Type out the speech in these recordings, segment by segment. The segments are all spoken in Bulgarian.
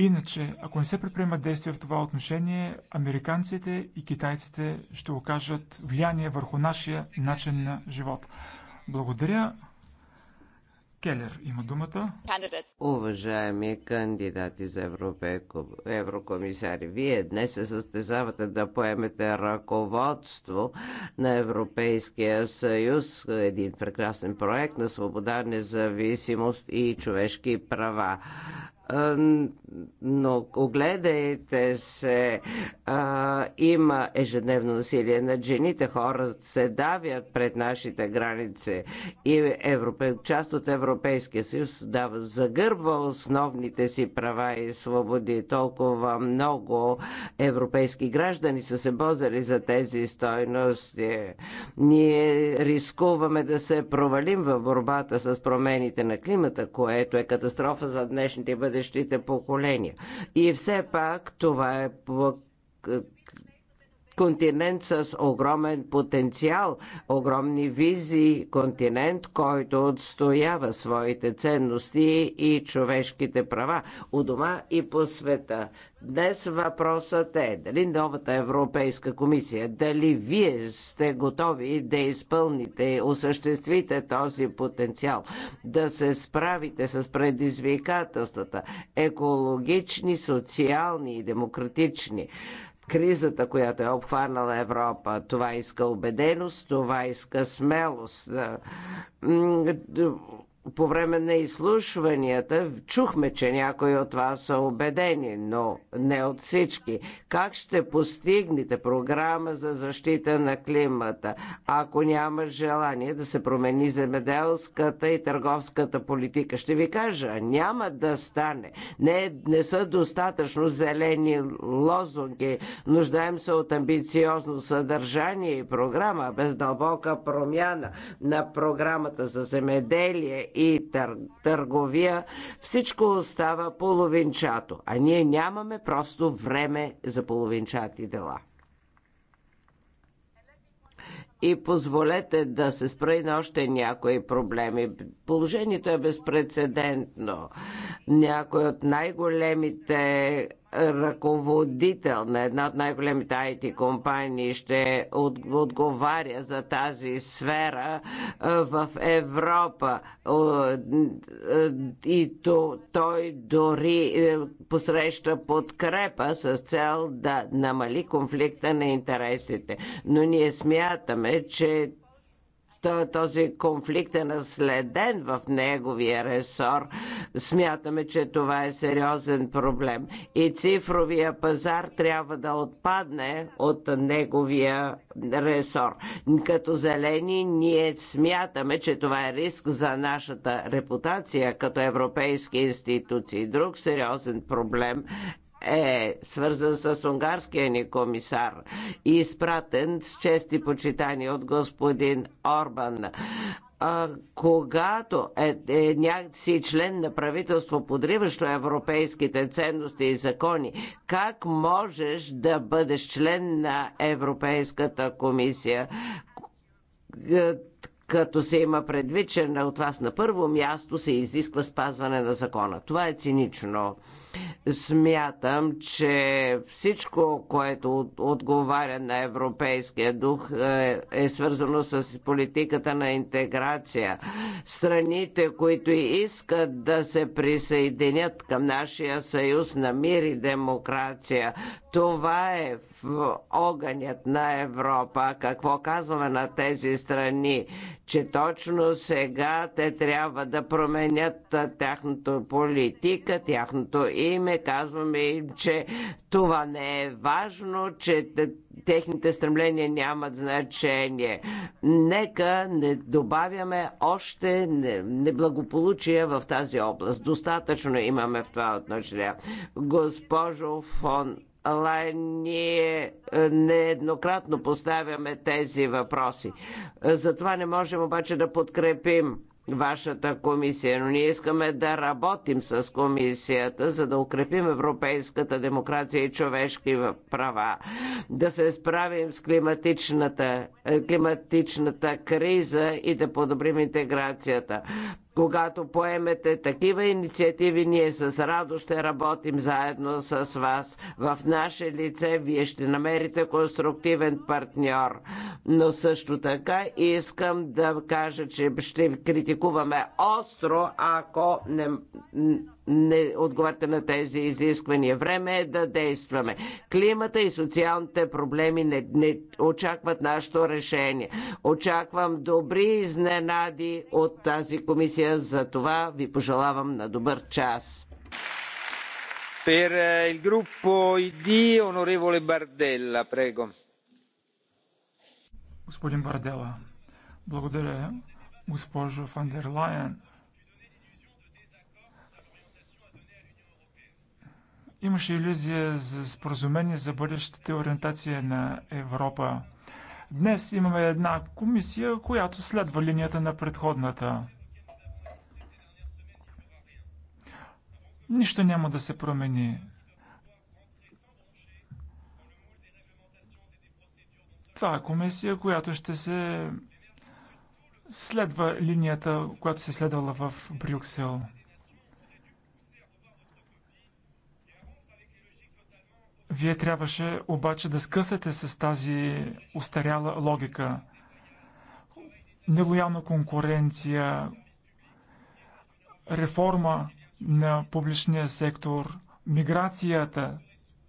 Иначе, ако не се предприемат действия в това отношение, американците и китайците ще окажат влияние върху нашия начин на живот. Благодаря. Келер има думата. Уважаеми кандидати за еврокомисари, вие днес се състезавате да поемете ръководство на Европейския съюз, един прекрасен проект на свобода, независимост и човешки права но огледайте се, а, има ежедневно насилие над жените, хора се давят пред нашите граници и Европе, част от Европейския съюз дава, загърбва основните си права и свободи. Толкова много европейски граждани са се бозали за тези стойности. Ние рискуваме да се провалим в борбата с промените на климата, което е катастрофа за днешните бъдещи бъдещите поколения. И все пак това е континент с огромен потенциал, огромни визии, континент, който отстоява своите ценности и човешките права у дома и по света. Днес въпросът е дали новата Европейска комисия, дали вие сте готови да изпълните, осъществите този потенциал, да се справите с предизвикателствата екологични, социални и демократични кризата, която е обхванала Европа. Това иска убеденост, това иска смелост по време на изслушванията чухме, че някои от вас са убедени, но не от всички. Как ще постигнете програма за защита на климата, ако няма желание да се промени земеделската и търговската политика? Ще ви кажа, няма да стане. Не, не са достатъчно зелени лозунги. Нуждаем се от амбициозно съдържание и програма без дълбока промяна на програмата за земеделие и търговия, всичко остава половинчато. А ние нямаме просто време за половинчати дела. И позволете да се спра и на още някои проблеми. Положението е безпредседентно. Някои от най-големите ръководител на една от най-големите IT компании ще отговаря за тази сфера в Европа. И той дори е, посреща подкрепа с цел да намали конфликта на интересите. Но ние смятаме, че този конфликт е наследен в неговия ресор. Смятаме, че това е сериозен проблем. И цифровия пазар трябва да отпадне от неговия ресор. Като зелени ние смятаме, че това е риск за нашата репутация като европейски институции. Друг сериозен проблем е свързан с унгарския ни комисар и изпратен с чести почитания от господин Орбан а, когато е, е някакси член на правителство, подриващо европейските ценности и закони, как можеш да бъдеш член на Европейската комисия, е, като се има предвид, че от вас на първо място се изисква спазване на закона? Това е цинично. Смятам, че всичко, което отговаря на европейския дух, е, е свързано с политиката на интеграция. Страните, които искат да се присъединят към нашия съюз на мир и демокрация, това е в огънят на Европа. Какво казваме на тези страни? че точно сега те трябва да променят тяхното политика, тяхното име. Казваме им, че това не е важно, че техните стремления нямат значение. Нека не добавяме още неблагополучия в тази област. Достатъчно имаме в това отношение. Госпожо фон ние е, нееднократно поставяме тези въпроси. Е, затова не можем обаче да подкрепим вашата комисия, но ние искаме да работим с комисията, за да укрепим европейската демокрация и човешки права, да се справим с климатичната, е, климатичната криза и да подобрим интеграцията. Когато поемете такива инициативи, ние с радост ще работим заедно с вас. В наше лице вие ще намерите конструктивен партньор. Но също така искам да кажа, че ще критикуваме остро, ако не не отговаряте на тези изисквания. Време е да действаме. Климата и социалните проблеми не, не очакват нашето решение. Очаквам добри изненади от тази комисия. За това ви пожелавам на добър час. Per eh, il gruppo ID, onorevole Bardella, prego. Господин Бардела, благодаря, госпожо Фандерлайен. Имаше иллюзия за споразумение за бъдещата ориентация на Европа. Днес имаме една комисия, която следва линията на предходната. Нищо няма да се промени. Това е комисия, която ще се следва линията, която се е следвала в Брюксел. Вие трябваше обаче да скъсате с тази устаряла логика. Нелоялна конкуренция, реформа на публичния сектор, миграцията.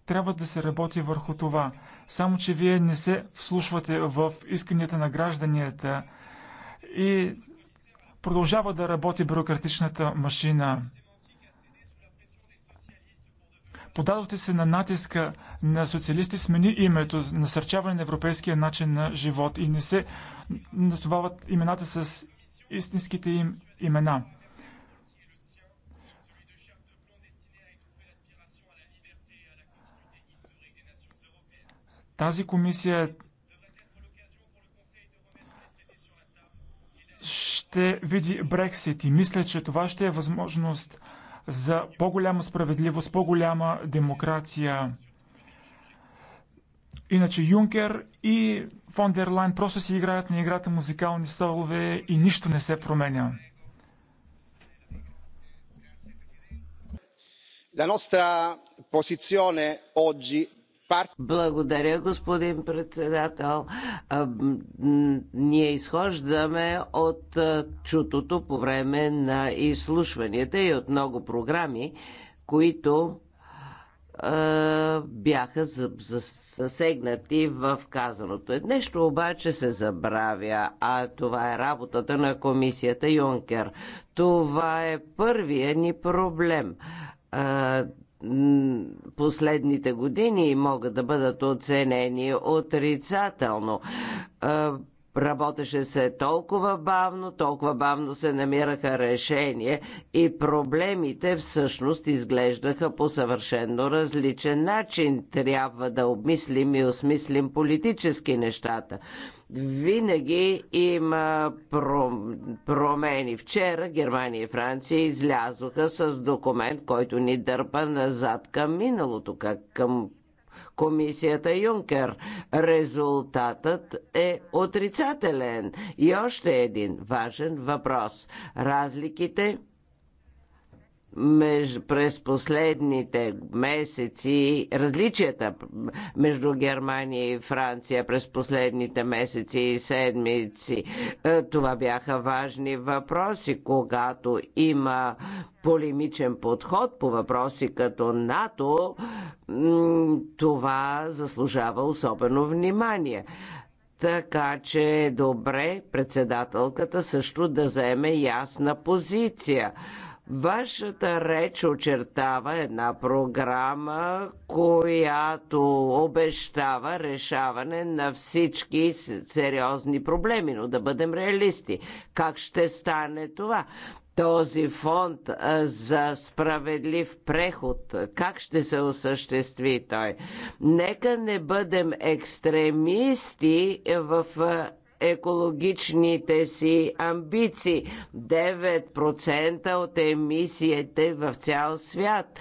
Трябва да се работи върху това. Само, че вие не се вслушвате в исканията на гражданията и продължава да работи бюрократичната машина. Подадохте се на натиска на социалисти, смени името, насърчаване на европейския начин на живот и не се назовават имената с истинските им имена. Тази комисия ще види Брексит и мисля, че това ще е възможност за по-голяма справедливост, по-голяма демокрация. Иначе Юнкер и фон дер Лайн просто си играят на играта музикални столове и нищо не се променя. La nostra posizione oggi благодаря, господин председател. Ние изхождаме от чутото по време на изслушванията и от много програми, които бяха засегнати в казаното. Нещо обаче се забравя, а това е работата на комисията Юнкер. Това е първия ни проблем последните години могат да бъдат оценени отрицателно е, работеше се толкова бавно, толкова бавно се намираха решения и проблемите всъщност изглеждаха по съвършенно различен начин. Трябва да обмислим и осмислим политически нещата винаги има промени. Вчера Германия и Франция излязоха с документ, който ни дърпа назад към миналото, как към комисията Юнкер. Резултатът е отрицателен. И още един важен въпрос. Разликите меж, през последните месеци, различията между Германия и Франция през последните месеци и седмици, е, това бяха важни въпроси, когато има полемичен подход по въпроси като НАТО, това заслужава особено внимание. Така че е добре председателката също да заеме ясна позиция Вашата реч очертава една програма, която обещава решаване на всички сериозни проблеми, но да бъдем реалисти. Как ще стане това? Този фонд за справедлив преход, как ще се осъществи той? Нека не бъдем екстремисти в екологичните си амбиции. 9% от емисиите в цял свят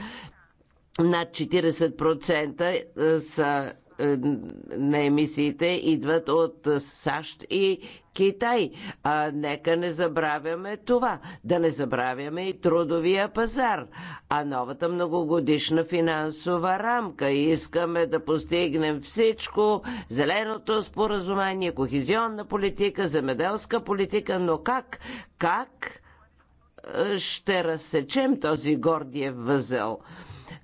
над 40% са на емисиите идват от САЩ и Китай. А нека не забравяме това. Да не забравяме и трудовия пазар. А новата многогодишна финансова рамка. Искаме да постигнем всичко. Зеленото споразумение, кохезионна политика, земеделска политика. Но как? Как ще разсечем този гордиев възел?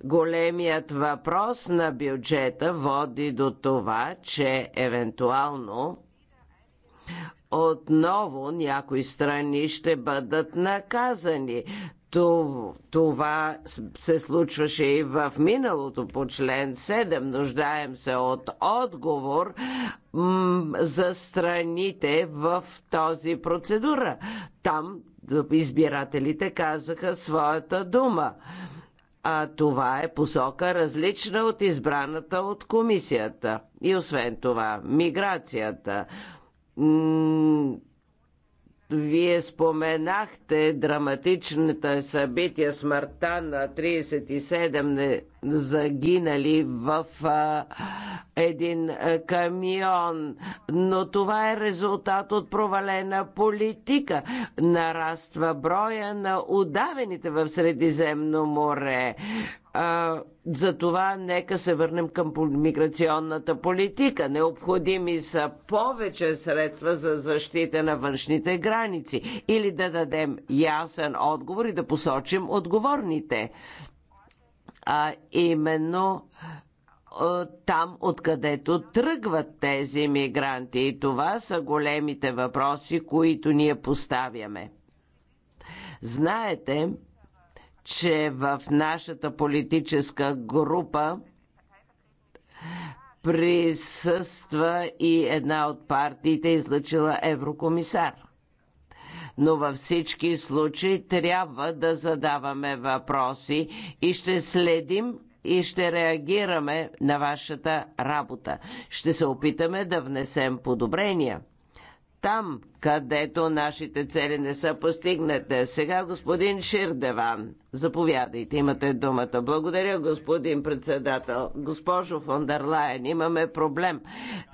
Големият въпрос на бюджета води до това, че евентуално отново някои страни ще бъдат наказани. Това се случваше и в миналото по член 7. Нуждаем се от отговор за страните в този процедура. Там избирателите казаха своята дума а това е посока различна от избраната от комисията. И освен това, миграцията вие споменахте драматичните събития, смъртта на 37 загинали в а, един а, камион. Но това е резултат от провалена политика. Нараства броя на удавените в Средиземно море затова нека се върнем към миграционната политика. Необходими са повече средства за защита на външните граници или да дадем ясен отговор и да посочим отговорните. А именно там, откъдето тръгват тези мигранти. И това са големите въпроси, които ние поставяме. Знаете, че в нашата политическа група присъства и една от партиите, излъчила еврокомисар. Но във всички случаи трябва да задаваме въпроси и ще следим и ще реагираме на вашата работа. Ще се опитаме да внесем подобрения. Там, където нашите цели не са постигнати. Сега господин Ширдеван, заповядайте, имате думата. Благодаря, господин председател. Госпожо Фондерлайн, имаме проблем.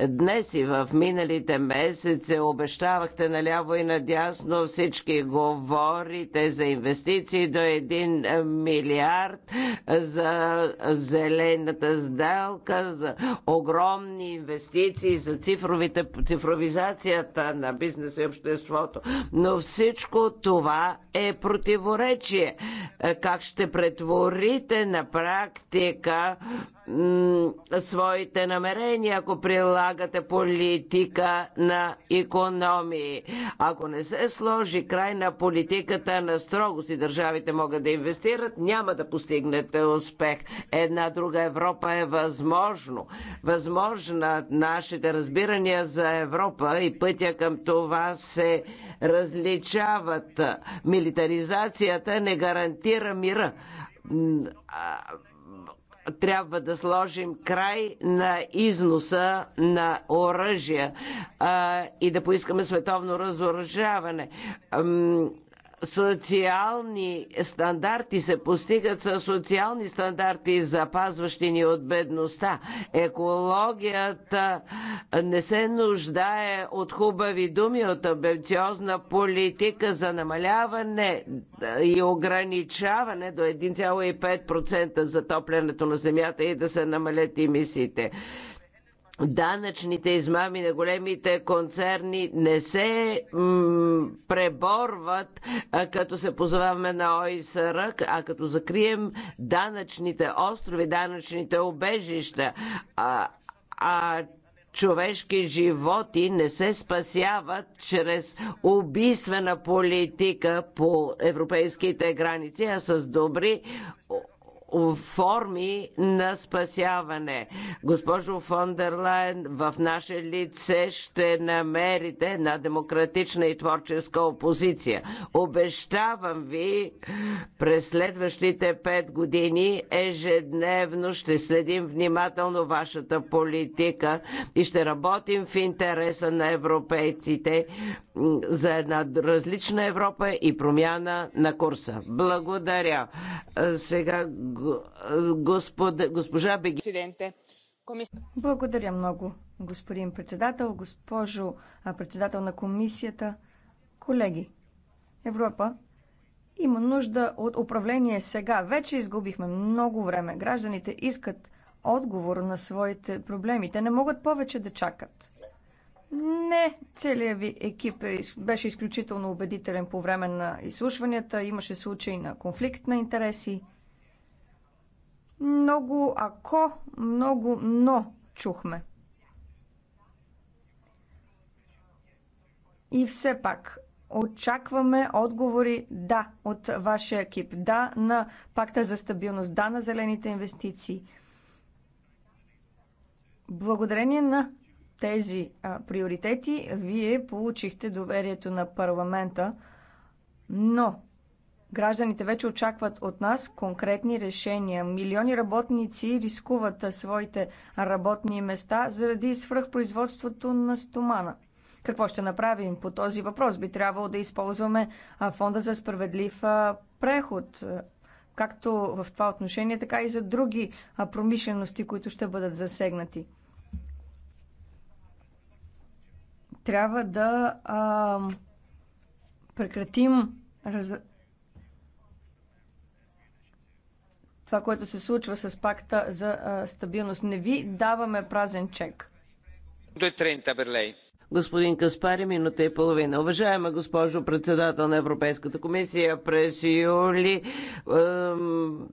Днес и в миналите месеци обещавахте наляво и надясно всички говорите за инвестиции до 1 милиард, за зелената сделка, за огромни инвестиции, за цифровите, цифровизацията на бизнеса търси обществото. Но всичко това е противоречие. Е, как ще претворите на практика своите намерения, ако прилагате политика на економии. Ако не се сложи край на политиката на строго си държавите могат да инвестират, няма да постигнете успех. Една друга Европа е възможно. Възможна нашите разбирания за Европа и пътя към това се различават. Милитаризацията не гарантира мира трябва да сложим край на износа на оръжия и да поискаме световно разоръжаване. Социални стандарти се постигат с социални стандарти, запазващи ни от бедността. Екологията не се нуждае от хубави думи, от амбициозна политика за намаляване и ограничаване до 1,5% затоплянето на земята и да се намалят емисиите данъчните измами на големите концерни не се преборват, като се позоваваме на ОИСР, а като закрием данъчните острови, данъчните обежища, а, а човешки животи не се спасяват чрез убийствена политика по европейските граници, а с добри форми на спасяване. Госпожо фон дер в наше лице ще намерите на демократична и творческа опозиция. Обещавам ви, през следващите пет години ежедневно ще следим внимателно вашата политика и ще работим в интереса на европейците за една различна Европа и промяна на курса. Благодаря. Сега господ, госпожа Беги. Благодаря много, господин председател, госпожо председател на комисията, колеги. Европа има нужда от управление сега. Вече изгубихме много време. Гражданите искат отговор на своите проблеми. Те не могат повече да чакат. Не, целият ви екип е, беше изключително убедителен по време на изслушванията. Имаше случаи на конфликт на интереси. Много ако, много но чухме. И все пак, очакваме отговори да от вашия екип, да на пакта за стабилност, да на зелените инвестиции. Благодарение на тези а, приоритети вие получихте доверието на парламента, но гражданите вече очакват от нас конкретни решения. Милиони работници рискуват своите работни места заради свръхпроизводството на стомана. Какво ще направим по този въпрос? Би трябвало да използваме фонда за справедлив преход, както в това отношение, така и за други промишлености, които ще бъдат засегнати. Трябва да а, прекратим раз... това, което се случва с пакта за а, стабилност. Не ви даваме празен чек. 2.30 per lei. Господин Каспари, минута и половина. Уважаема госпожо председател на Европейската комисия, през юли е,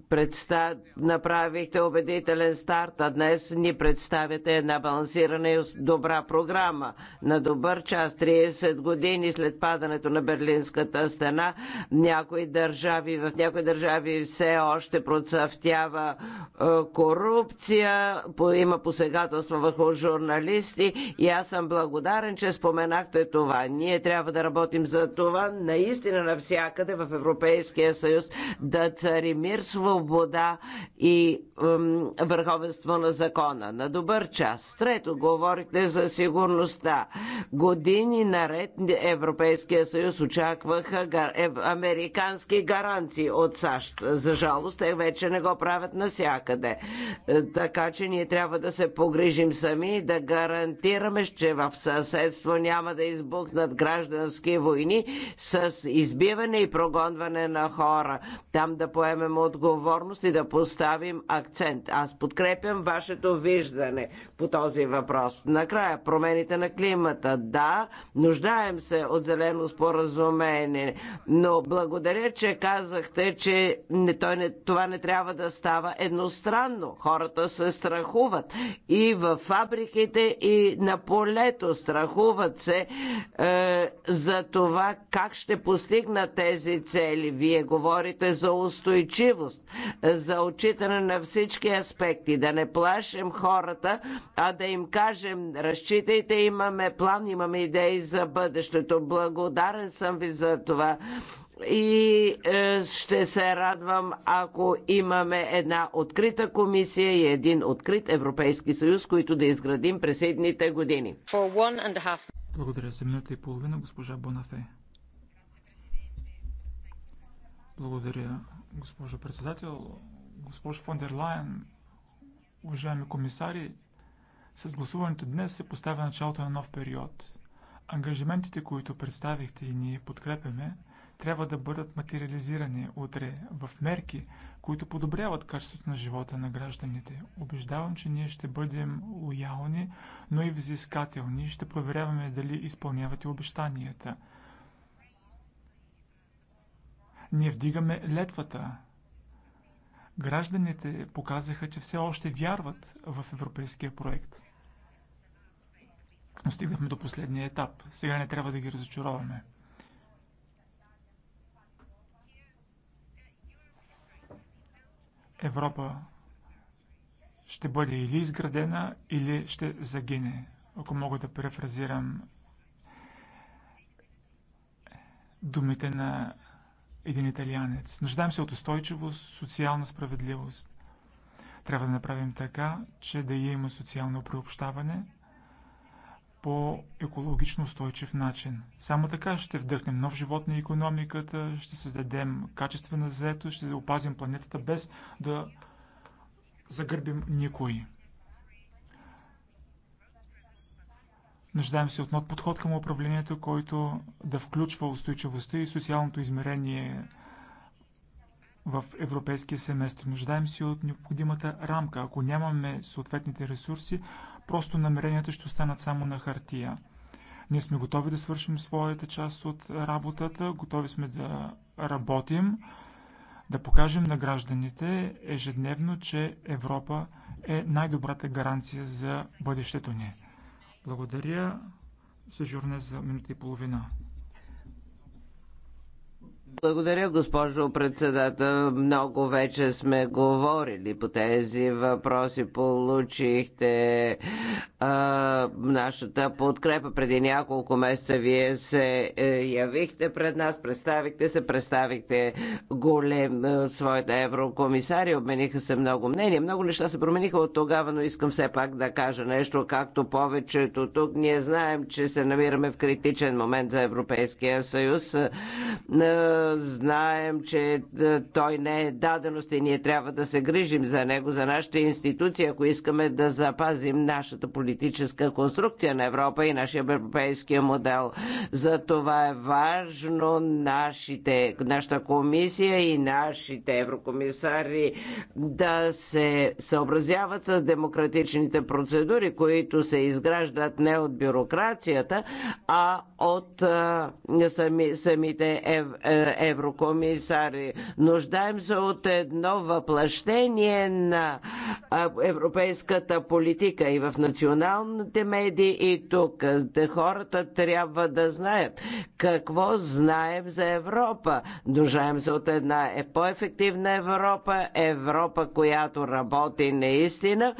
предста... направихте убедителен старт, а днес ни представяте една балансирана и добра програма. На добър час, 30 години след падането на Берлинската стена, някои държави, в някои държави все още процъфтява е, корупция, има посегателства върху журналисти и аз съм благодарен Благодарен, че споменахте това. Ние трябва да работим за това наистина навсякъде в Европейския съюз да цари мир, свобода и ем, върховенство на закона. На добър час. Трето, говорихте за сигурността. Години наред Европейския съюз очакваха американски гаранции от САЩ. За жалост, те вече не го правят навсякъде. Е, така че ние трябва да се погрижим сами и да гарантираме, че в съседната съседство няма да избухнат граждански войни с избиване и прогонване на хора. Там да поемем отговорност и да поставим акцент. Аз подкрепям вашето виждане по този въпрос. Накрая, промените на климата. Да, нуждаем се от зелено споразумение, но благодаря, че казахте, че не, той не, това не трябва да става едностранно. Хората се страхуват и в фабриките, и на полето страхуват се е, за това как ще постигнат тези цели. Вие говорите за устойчивост, за отчитане на всички аспекти, да не плашим хората, а да им кажем, разчитайте, имаме план, имаме идеи за бъдещето. Благодарен съм ви за това и е, ще се радвам, ако имаме една открита комисия и един открит Европейски съюз, които да изградим през едните години. Благодаря за минута и половина, госпожа Бонафе. Благодаря, госпожо председател, госпожо фон Лайен, уважаеми комисари, с гласуването днес се поставя началото на нов период. Ангажиментите, които представихте и ние подкрепяме, трябва да бъдат материализирани утре в мерки, които подобряват качеството на живота на гражданите. Обеждавам, че ние ще бъдем лоялни, но и взискателни. Ще проверяваме дали изпълнявате обещанията. Ние вдигаме летвата. Гражданите показаха, че все още вярват в европейския проект. Но стигнахме до последния етап. Сега не трябва да ги разочароваме. Европа ще бъде или изградена, или ще загине. Ако мога да префразирам думите на един италианец. Нуждаем се от устойчивост, социална справедливост. Трябва да направим така, че да има социално приобщаване – по екологично устойчив начин. Само така ще вдъхнем нов живот на економиката, ще създадем качествена заетост, ще опазим планетата без да загърбим никой. Нуждаем се от нов подход към управлението, който да включва устойчивостта и социалното измерение в европейския семестър. Нуждаем се от необходимата рамка. Ако нямаме съответните ресурси, Просто намеренията ще останат само на хартия. Ние сме готови да свършим своята част от работата, готови сме да работим, да покажем на гражданите ежедневно, че Европа е най-добрата гаранция за бъдещето ни. Благодаря, Сежурне, за минута и половина. Благодаря, госпожо председател. Много вече сме говорили по тези въпроси. Получихте а, нашата подкрепа. Преди няколко месеца вие се е, явихте пред нас, представихте се, представихте голем е, своята еврокомисария, обмениха се много мнения. Много неща се промениха от тогава, но искам все пак да кажа нещо, както повечето тук. Ние знаем, че се намираме в критичен момент за Европейския съюз е, знаем, че е, той не е даденост и ние трябва да се грижим за него, за нашите институции, ако искаме да запазим нашата политическа конструкция на Европа и нашия европейския модел. За това е важно нашите, нашата комисия и нашите еврокомисари да се съобразяват с демократичните процедури, които се изграждат не от бюрокрацията, а от е, сами, самите ев, е, еврокомисари. Нуждаем се от едно въплъщение на европейската политика и в националните медии и тук. Хората трябва да знаят какво знаем за Европа. Нуждаем се от една е по-ефективна Европа, Европа, която работи наистина.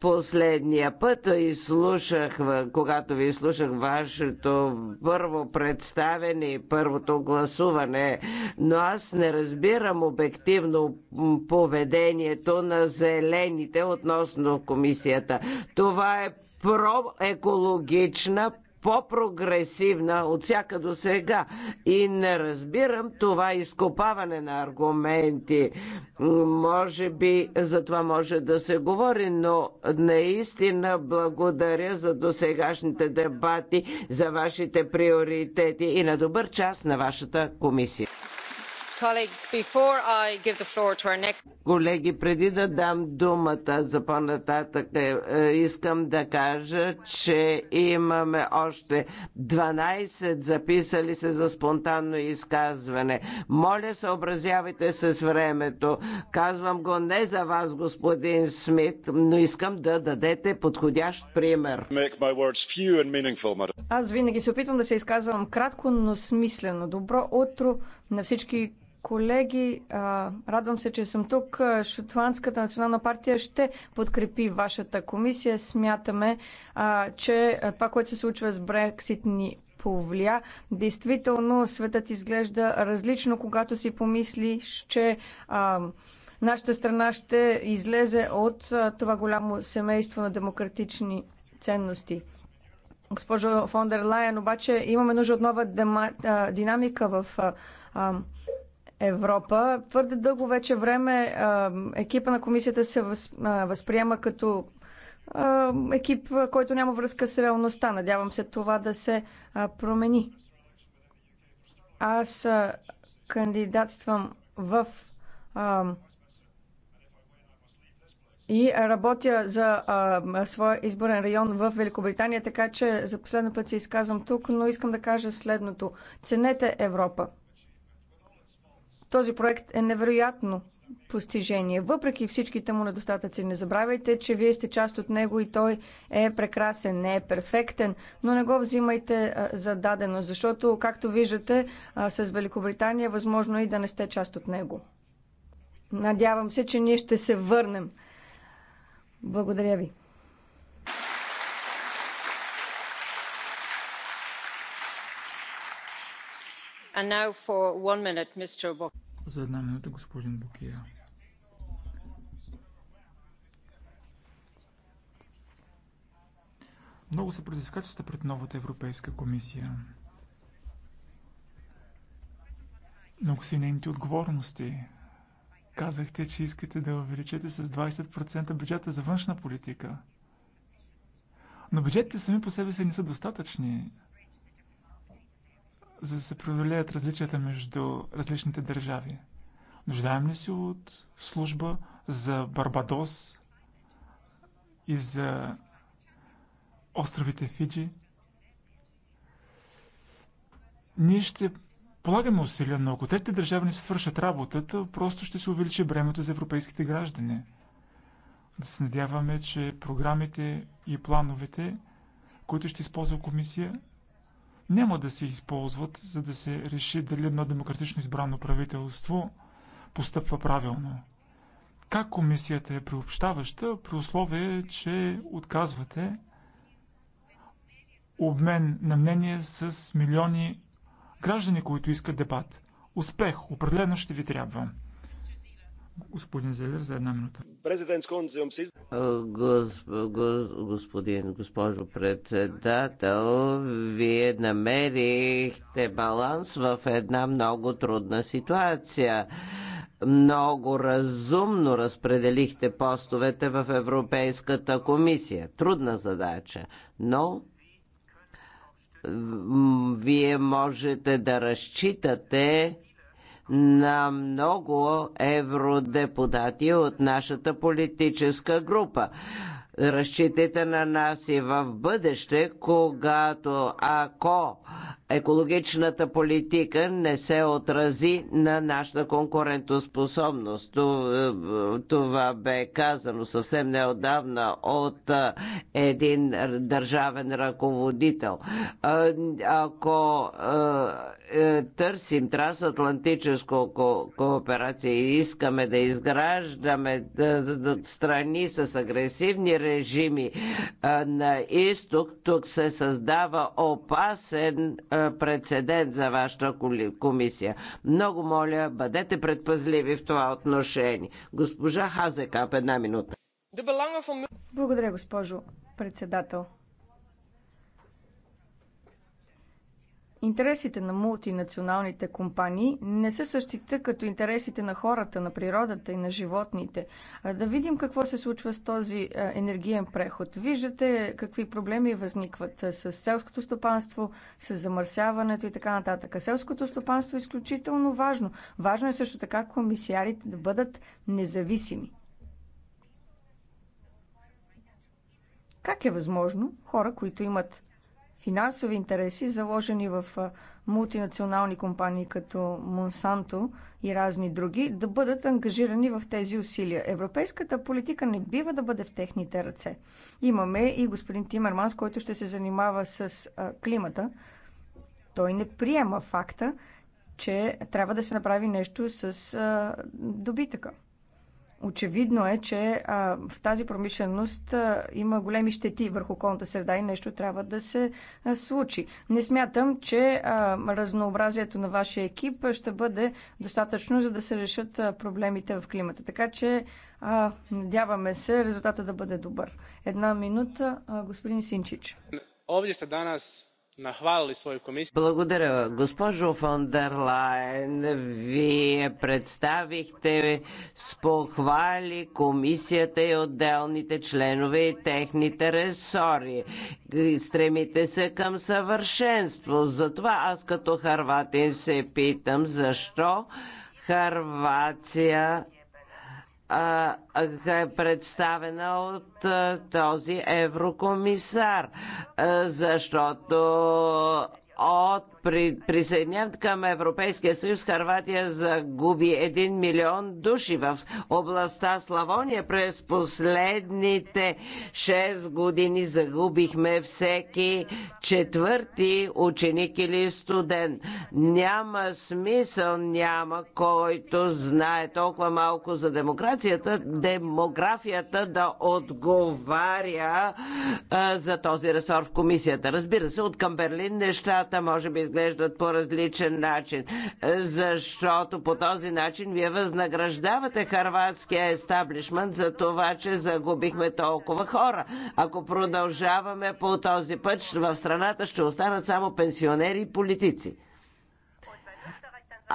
Последния път изслушах, когато ви слушах вашето първо представене и първо електронното гласуване, но аз не разбирам обективно поведението на зелените относно комисията. Това е проекологична, по-прогресивна от всяка до сега. И не разбирам това изкопаване на аргументи. Може би за това може да се говори, но наистина благодаря за досегашните дебати, за вашите приоритети и на добър час на вашата комисия. Колеги, преди да дам думата за по-нататък, е, е, искам да кажа, че имаме още 12 записали се за спонтанно изказване. Моля, съобразявайте се с времето. Казвам го не за вас, господин Смит, но искам да дадете подходящ пример. Аз винаги се опитвам да се изказвам кратко, но смислено. Добро утро на всички Колеги, радвам се, че съм тук. Шотландската национална партия ще подкрепи вашата комисия. Смятаме, че това, което се случва с Брексит ни повлия. Действително, светът изглежда различно, когато си помислиш, че а, нашата страна ще излезе от а, това голямо семейство на демократични ценности. Госпожо Фондер Лайен, обаче имаме нужда от нова дема, а, динамика в а, Европа. Твърде дълго вече време екипа на комисията се възприема като екип, който няма връзка с реалността. Надявам се това да се промени. Аз кандидатствам в и работя за а, своя изборен район в Великобритания, така че за последно път се изказвам тук, но искам да кажа следното. Ценете Европа. Този проект е невероятно постижение. Въпреки всичките му недостатъци, не забравяйте, че вие сте част от него и той е прекрасен, не е перфектен, но не го взимайте за дадено, защото, както виждате, с Великобритания възможно е и да не сте част от него. Надявам се, че ние ще се върнем. Благодаря ви. За една минута, господин Букия. Много са предизвикателствата пред новата Европейска комисия. Много са и нейните отговорности. Казахте, че искате да увеличите с 20% бюджета за външна политика. Но бюджетите сами по себе си не са достатъчни за да се преодолеят различията между различните държави. Нуждаем ли се от служба за Барбадос и за островите Фиджи? Ние ще полагаме усилия, но ако тези държави не се свършат работата, просто ще се увеличи бремето за европейските граждани. Да се надяваме, че програмите и плановете, които ще използва комисия, няма да се използват, за да се реши дали едно демократично избрано правителство постъпва правилно. Как комисията е приобщаваща при условие, че отказвате обмен на мнение с милиони граждани, които искат дебат? Успех определено ще ви трябва. Господин Зелер за една минута. Гос, гос, господин, госпожо председател, вие намерихте баланс в една много трудна ситуация много разумно разпределихте постовете в Европейската комисия. Трудна задача, но вие можете да разчитате на много евродепутати от нашата политическа група. Разчитайте на нас и в бъдеще, когато ако екологичната политика не се отрази на нашата конкурентоспособност. Е, това бе казано съвсем неодавна от е, един държавен ръководител. Е, ако търсим трансатлантическо ко- кооперация и искаме да изграждаме страни с агресивни режими на изток, тук се създава опасен а, прецедент за вашата комисия. Много моля, бъдете предпазливи в това отношение. Госпожа Хазекап, една минута. Благодаря, госпожо председател. Интересите на мултинационалните компании не са същите като интересите на хората, на природата и на животните. Да видим какво се случва с този енергиен преход. Виждате какви проблеми възникват с селското стопанство, с замърсяването и така нататък. Селското стопанство е изключително важно. Важно е също така комисиарите да бъдат независими. Как е възможно хора, които имат финансови интереси, заложени в мултинационални компании като Монсанто и разни други, да бъдат ангажирани в тези усилия. Европейската политика не бива да бъде в техните ръце. Имаме и господин Тимерманс, който ще се занимава с климата. Той не приема факта, че трябва да се направи нещо с добитъка. Очевидно е, че а, в тази промишленост а, има големи щети върху околната среда и нещо трябва да се а, случи. Не смятам, че а, разнообразието на вашия екип ще бъде достатъчно, за да се решат а, проблемите в климата. Така че а, надяваме се резултата да бъде добър. Една минута, а, господин Синчич. Овде сте данас нахвалили свою комисию. Благодаря. Госпожо фон дер Лайн, вие представихте с похвали комисията и отделните членове и техните ресори. Стремите се към съвършенство. Затова аз като харватин се питам защо Харвация е представена от този еврокомисар, защото от при присъединяването към Европейския съюз Харватия загуби 1 милион души в областта Славония. През последните 6 години загубихме всеки четвърти ученик или студент. Няма смисъл, няма който знае толкова малко за демокрацията, демографията да отговаря а, за този ресор в комисията. Разбира се, от към Берлин нещата може би изглеждат по различен начин, защото по този начин вие възнаграждавате харватския естаблишмент за това, че загубихме толкова хора. Ако продължаваме по този път, в страната ще останат само пенсионери и политици.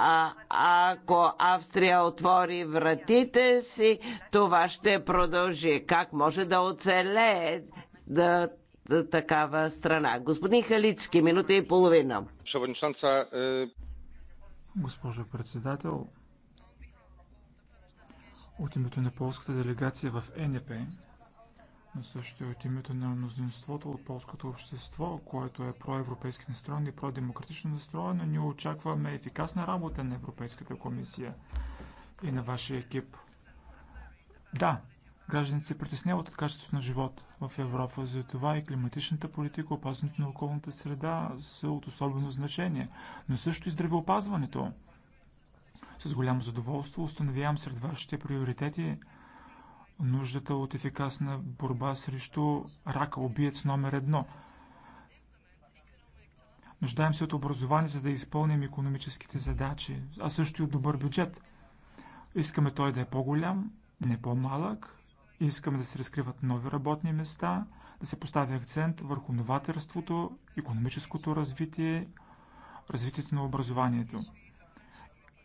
А ако Австрия отвори вратите си, това ще продължи. Как може да оцелее да такава страна. Господин Халицки, минута и половина. Е, Госпожо председател, от името на полската делегация в ЕНП, но също от името на мнозинството от полското общество, което е проевропейски настроен и продемократично настроено, ние очакваме ефикасна работа на Европейската комисия и на вашия екип. Да, Гражданите се притесняват от качеството на живот в Европа, затова и климатичната политика, опазването на околната среда са от особено значение, но също и здравеопазването. С голямо задоволство установявам сред вашите приоритети нуждата от ефикасна борба срещу рака, убиец номер едно. Нуждаем се от образование, за да изпълним економическите задачи, а също и от добър бюджет. Искаме той да е по-голям, не по-малък, Искаме да се разкриват нови работни места, да се постави акцент върху новаторството, економическото развитие, развитието на образованието.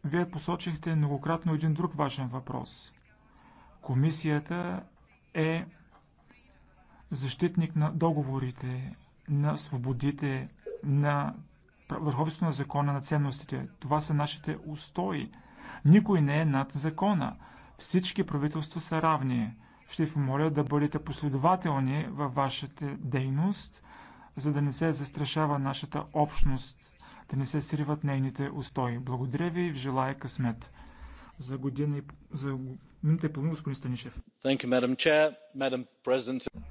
Вие посочихте многократно един друг важен въпрос. Комисията е защитник на договорите, на свободите, на върховенството на закона, на ценностите. Това са нашите устои. Никой не е над закона. Всички правителства са равни. Ще ви помоля да бъдете последователни във вашата дейност, за да не се застрашава нашата общност, да не се сриват нейните устои. Благодаря ви и ви желая късмет. За година и за минута и половина, господин Станишев.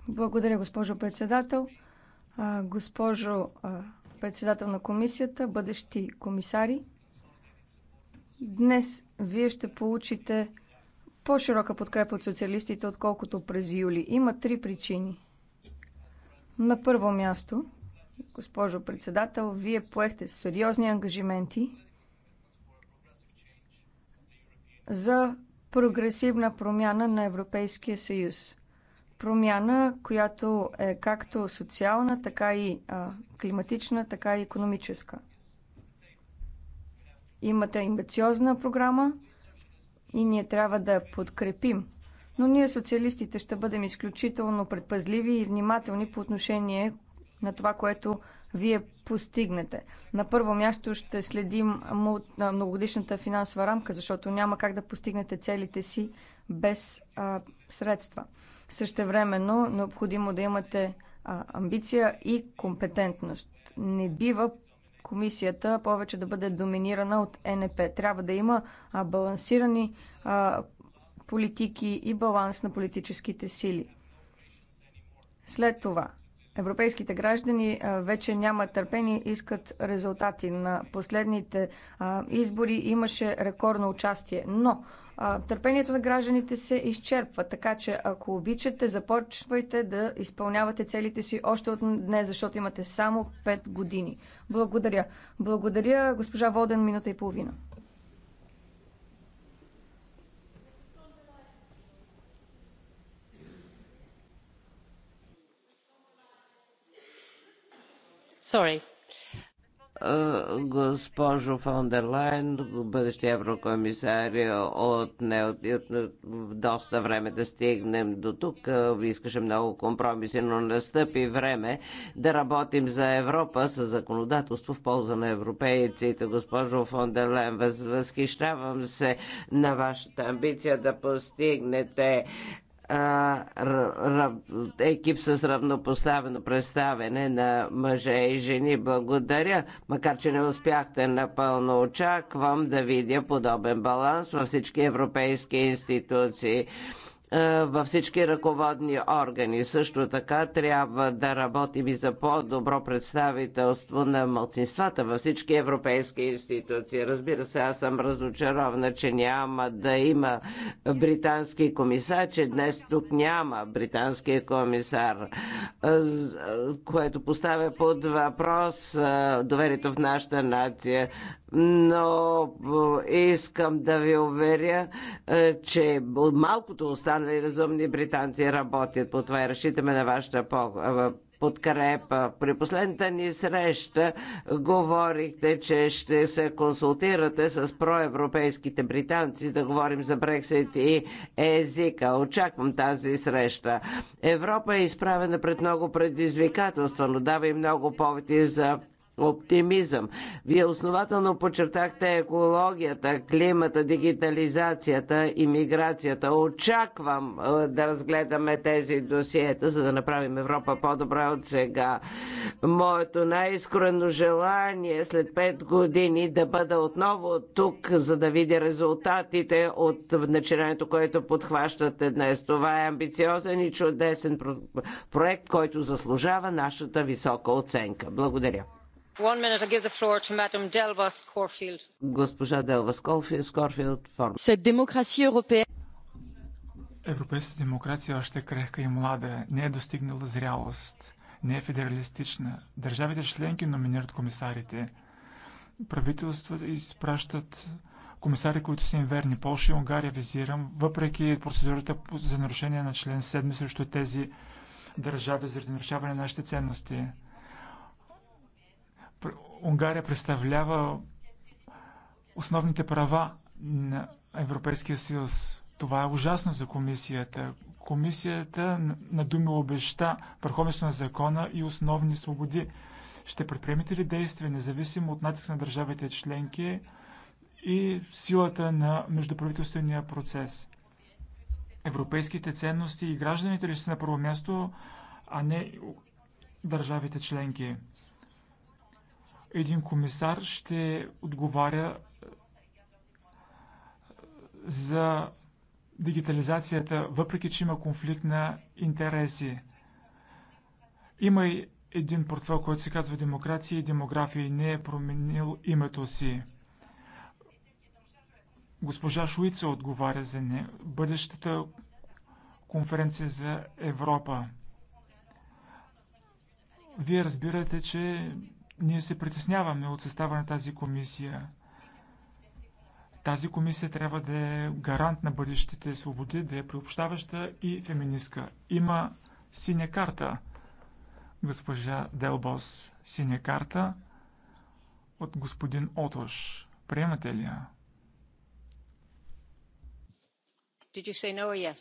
Благодаря, госпожо председател. госпожо председател на комисията, бъдещи комисари, днес вие ще получите по-широка подкрепа от социалистите, отколкото през юли. Има три причини. На първо място, госпожо председател, вие поехте сериозни ангажименти за прогресивна промяна на Европейския съюз. Промяна, която е както социална, така и а, климатична, така и економическа. Имате амбициозна програма – и ние трябва да я подкрепим. Но ние, социалистите, ще бъдем изключително предпазливи и внимателни по отношение на това, което вие постигнете. На първо място ще следим многогодишната финансова рамка, защото няма как да постигнете целите си без а, средства. Същевременно необходимо да имате а, амбиция и компетентност. Не бива комисията повече да бъде доминирана от НП. Трябва да има балансирани политики и баланс на политическите сили. След това, европейските граждани вече нямат търпение, искат резултати. На последните избори имаше рекордно участие, но търпението на гражданите се изчерпва, така че ако обичате, започвайте да изпълнявате целите си още от днес, защото имате само 5 години. Благодаря. Благодаря, госпожа Воден, минута и половина. Sorry госпожо фон дер Лайн, бъдещи еврокомисар от, не, от, от доста време да стигнем до тук. искаше много компромиси, но настъпи време да работим за Европа с законодателство в полза на европейците. Госпожо фон дер Лайн, въз, възхищавам се на вашата амбиция да постигнете екип с равнопоставено представене на мъже и жени. Благодаря, макар че не успяхте напълно. Очаквам да видя подобен баланс във всички европейски институции. Е, във всички ръководни органи. Също така трябва да работим и за по-добро представителство на младсинствата във всички европейски институции. Разбира се, аз съм разочарована, че няма да има британски комисар, че днес тук няма британски комисар, е, което поставя под въпрос е, доверието в нашата нация но е, искам да ви уверя, е, че малкото останали разумни британци работят по това и разчитаме на вашата е, подкрепа. При последната ни среща говорихте, че ще се консултирате с проевропейските британци да говорим за Брексит и езика. Очаквам тази среща. Европа е изправена пред много предизвикателства, но дава и много повече за оптимизъм. Вие основателно подчертахте екологията, климата, дигитализацията, иммиграцията. Очаквам е, да разгледаме тези досиета, за да направим Европа по-добра от сега. Моето най-искрено желание след 5 години да бъда отново тук, за да видя резултатите от начинанието, което подхващате днес. Това е амбициозен и чудесен проект, който заслужава нашата висока оценка. Благодаря. Европейската демокрация е още е крехка и млада, не е достигнала зрялост, не е федералистична. Държавите членки номинират комисарите. Правителствата изпращат комисари, които са им верни. Полша и Унгария визирам, въпреки процедурата за нарушение на член 7 срещу тези държави заради нарушаване на нашите ценности. Унгария представлява основните права на Европейския съюз. Това е ужасно за комисията. Комисията на думи обеща върховенство на закона и основни свободи. Ще предприемете ли действия, независимо от натиск на държавите членки и силата на междуправителствения процес? Европейските ценности и гражданите ли са на първо място, а не държавите членки? един комисар ще отговаря е, за дигитализацията, въпреки че има конфликт на интереси. Има и един портфел, който се казва демокрация и демография и не е променил името си. Госпожа Шуица отговаря за не. бъдещата конференция за Европа. Вие разбирате, че ние се притесняваме от състава на тази комисия. Тази комисия трябва да е гарант на бъдещите свободи, да е приобщаваща и феминистка. Има синя карта, госпожа Делбос. Синя карта от господин Отош. Приемате ли я? Did you say no or yes?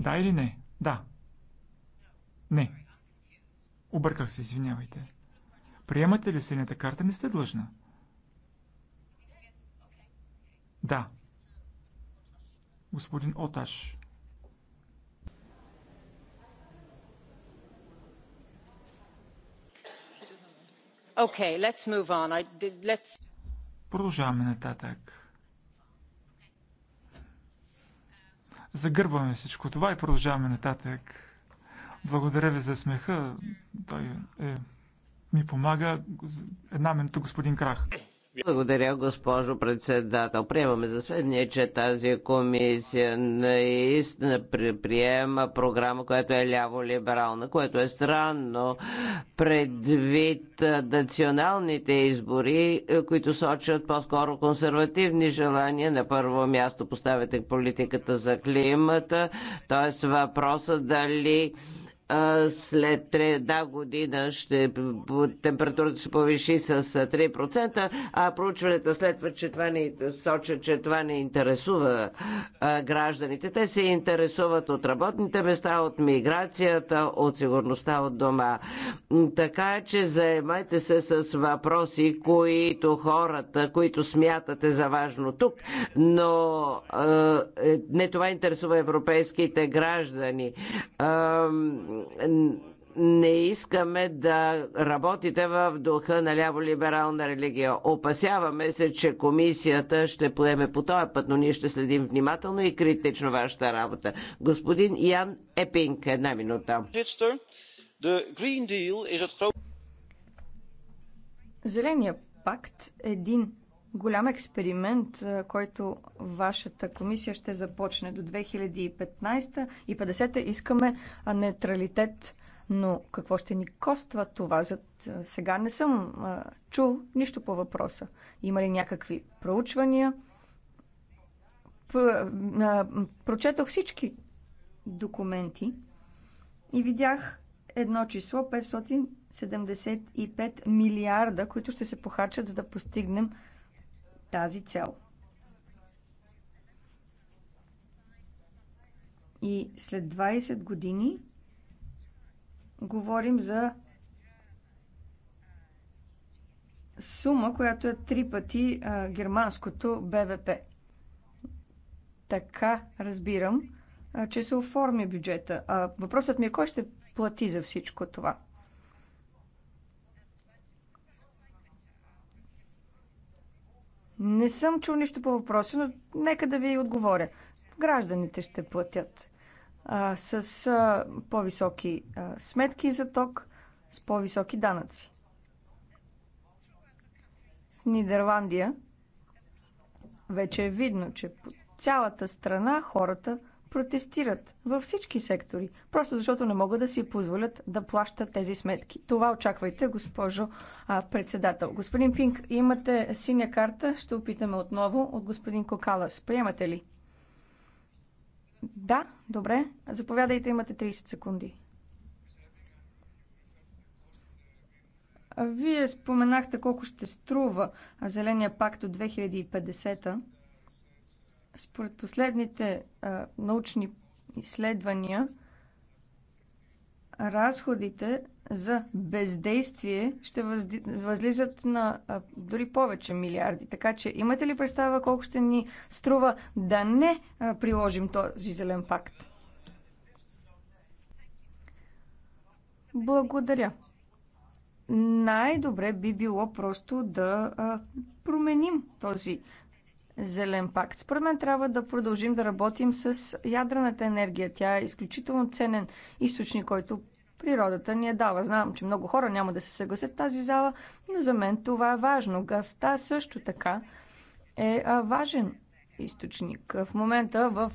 Да или не? Да. Не. Обърках се, извинявайте. Приемате ли синята карта? Не сте длъжна. Да. Господин Оташ. Okay, let's move on. I did, let's... Продължаваме нататък. Загърбваме всичко това и продължаваме нататък. Благодаря ви за смеха. Той е ми помага една минута господин Крах. Благодаря, госпожо председател. Приемаме за сведение, че тази комисия наистина приема програма, която е ляво-либерална, което е странно предвид националните избори, които сочат по-скоро консервативни желания. На първо място поставяте политиката за климата, т.е. въпроса дали след една година ще, температурата се повиши с 3%, а проучването следва, че това не соча, че това не интересува гражданите. Те се интересуват от работните места, от миграцията, от сигурността от дома. Така е, че заемайте се с въпроси, които хората, които смятате за важно тук, но е, не това интересува европейските граждани не искаме да работите в духа на ляво-либерална религия. Опасяваме се, че комисията ще поеме по този път, но ние ще следим внимателно и критично вашата работа. Господин Ян Епинг, една минута. Зеления пакт е един голям експеримент, който вашата комисия ще започне до 2015 и 50 искаме нейтралитет, Но какво ще ни коства това? За сега не съм а, чул нищо по въпроса. Има ли някакви проучвания? Про, а, прочетох всички документи и видях едно число 575 милиарда, които ще се похачат за да постигнем тази цел. И след 20 години говорим за сума, която е три пъти а, германското БВП. Така разбирам, а, че се оформи бюджета. А, въпросът ми е кой ще плати за всичко това? Не съм чул нищо по въпроса, но нека да ви отговоря. Гражданите ще платят а, с а, по-високи сметки за ток, с по-високи данъци. В Нидерландия вече е видно, че по цялата страна хората протестират във всички сектори, просто защото не могат да си позволят да плащат тези сметки. Това очаквайте, госпожо а, председател. Господин Пинк, имате синя карта, ще опитаме отново от господин Кокалас. Приемате ли? Да, добре. Заповядайте, имате 30 секунди. Вие споменахте колко ще струва Зеления пакт от 2050 според последните а, научни изследвания, разходите за бездействие ще възлизат на а, дори повече милиарди. Така че имате ли представа колко ще ни струва да не а, приложим този зелен пакт? Благодаря. Най-добре би било просто да а, променим този зелен пакт. Според мен трябва да продължим да работим с ядрената енергия. Тя е изключително ценен източник, който природата ни е дава. Знам, че много хора няма да се съгласят тази зала, но за мен това е важно. Газта също така е важен източник. В момента в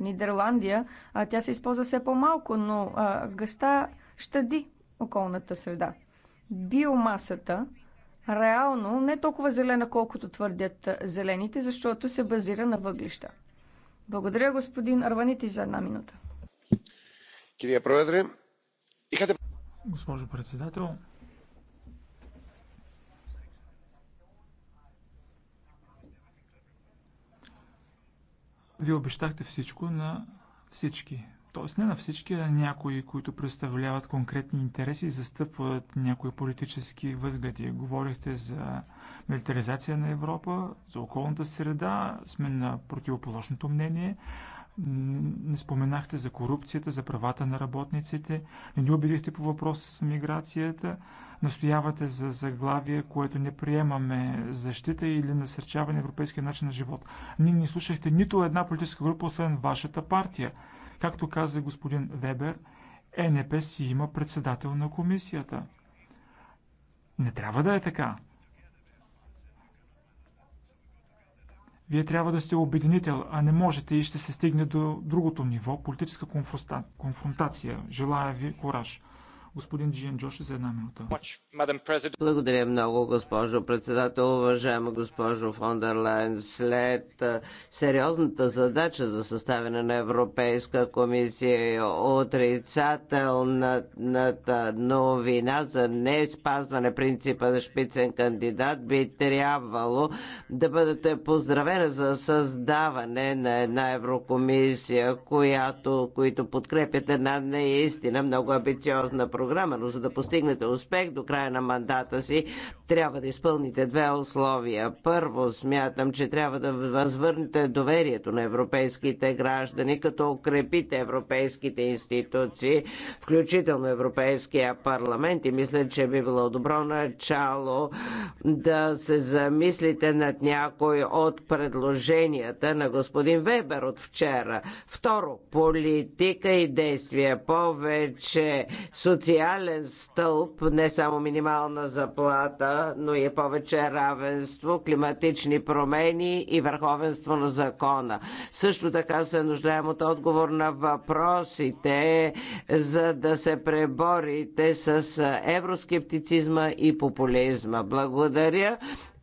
Нидерландия тя се използва все по-малко, но газта щади околната среда. Биомасата реално не толкова зелена, колкото твърдят зелените, защото се базира на въглища. Благодаря, господин Арванити, за една минута. Кирия Проведре, ихате... Госпожо председател, Вие обещахте всичко на всички Тоест не на всички, а някои, които представляват конкретни интереси застъпват някои политически възгледи. Говорихте за милитаризация на Европа, за околната среда, сме на противоположното мнение. Не споменахте за корупцията, за правата на работниците, не ни убедихте по въпроса с миграцията, настоявате за заглавие, което не приемаме, защита или насърчаване европейския начин на живот. Ние не слушахте нито една политическа група, освен вашата партия. Както каза господин Вебер, ЕНП си има председател на комисията. Не трябва да е така. Вие трябва да сте обединител, а не можете и ще се стигне до другото ниво политическа конфронтация. Желая ви кораж. Господин Джиен Джоши за една минута. Благодаря много, госпожо председател. Уважаема госпожо Фондерлайн, след сериозната задача за съставяне на Европейска комисия и отрицателната новина за не спазване принципа за шпицен кандидат, би трябвало да бъдете поздравена за създаване на една Еврокомисия, която, които подкрепят една наистина много амбициозна програма програма, но за да постигнете успех до края на мандата си, трябва да изпълните две условия. Първо, смятам, че трябва да възвърнете доверието на европейските граждани, като укрепите европейските институции, включително Европейския парламент и мисля, че би било добро начало да се замислите над някой от предложенията на господин Вебер от вчера. Второ, политика и действия повече социализация социален стълб, не само минимална заплата, но и повече равенство, климатични промени и върховенство на закона. Също така се нуждаем от отговор на въпросите, за да се преборите с евроскептицизма и популизма. Благодаря.